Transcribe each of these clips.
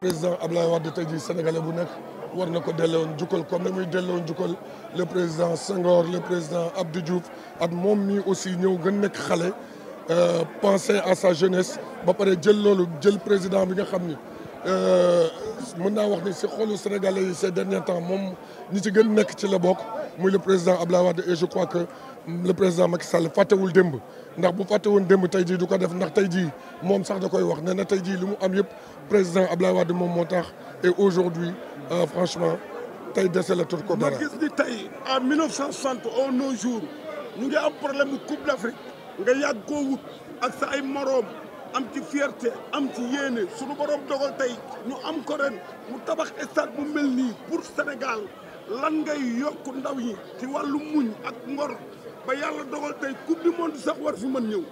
président Ablaye Wade tey jii sénégalais bu nekk war na ko delloon jukkal comme ni muy delloon jukkal le président Senghor le président Abdou Diouf ak moom mii aussi ñëw gën nekk xale euh, penser à sa jeunesse ba pare jël loolu jël président bi nga xam ni euh, mën naa wax ni si xolu sénégalais yi ces derniers temps moom ni ci gën nekk ci la bokk muy le président Ablaye Wade et je crois que le président Macky Sall fàttewul démb ndax bu fàtte woon démb tey jii du ko def ndax tey jii moom sax da koy wax ne na tey jii lu mu am yëpp président Ablaye Wade moom moo tax et aujourd'hui euh, franchement tey deselatul ko dara. ma gis ni tey en 1960 au nos jours ñu ngi am problème mu coupe d'Afrique nga yàgg koo wut ak sa ay moroom am ci fierté am ci su sunu borom dogal tey ñu am ko ren mu tabax stade bu mel nii pour Sénégal. lan ngay yokk ndaw yi ci wàllu muñ ak ngor ba yàlla dogal tey coupe du monde sax war fi mën ñëw.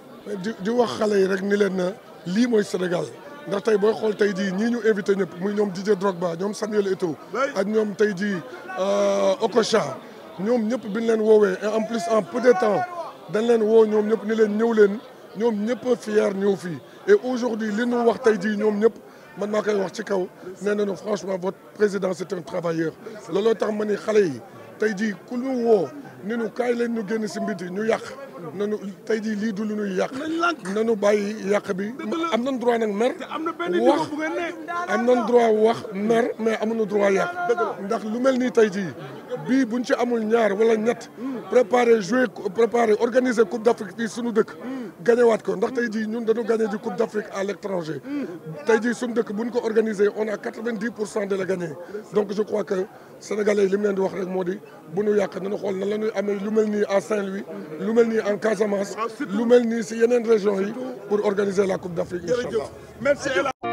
di di wax xale yi rek ni leen na lii mooy Sénégal ndax tey booy xool tey jii ñii ñu invité ñëpp muy ñoom jee Didier Drogba ñoom Samuel Eto'o ak ñoom tey jii euh, Okocha ñoom ñëpp bi ñu leen woowee en plus en peu de temps dañ leen woo ñoom ñëpp ni leen ñëw leen ñoom ñëpp fier ñëw fii et aujourd'hui li ñu wax tey jii ñoom ñëpp. man maa koy wax ci kaw nee nañu franchement votre président c'est un travailleur looloo tax ma ni xale yi tey jii ku ñu woo ni nu kaay leen ñu génn si mbir ñu yàq nanu tey jii lii du lu ñuy yàq nanu bàyyi yàq bi am ne nañ droit nag mer wax am nañ droit wax mer mais amuñu droit yàq ndax lu mel nii tey jii bii buñ ci amul ñaar wala ñett préparer jouer préparer organiser coupe d'Afrique fii suñu dëkk gañewaat ko ndax tey jii ñun dañu gagné ji coupe d'Afrique à l'étranger tey jii suñu bu buñ ko organiser on a quatre-vingt-dix pour cent de la gagné donc je crois que sénégalais li mu leen di wax rek moo di bu ñu yàq nañu xool nan la ñuy amee lu mel nii à Saint-Louis mel nii en Casamance ah, lu mel nii si yeneen région yi pour organiser la coupe d'Afrique incha allah